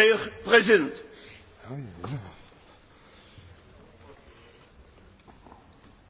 Herr Präsident!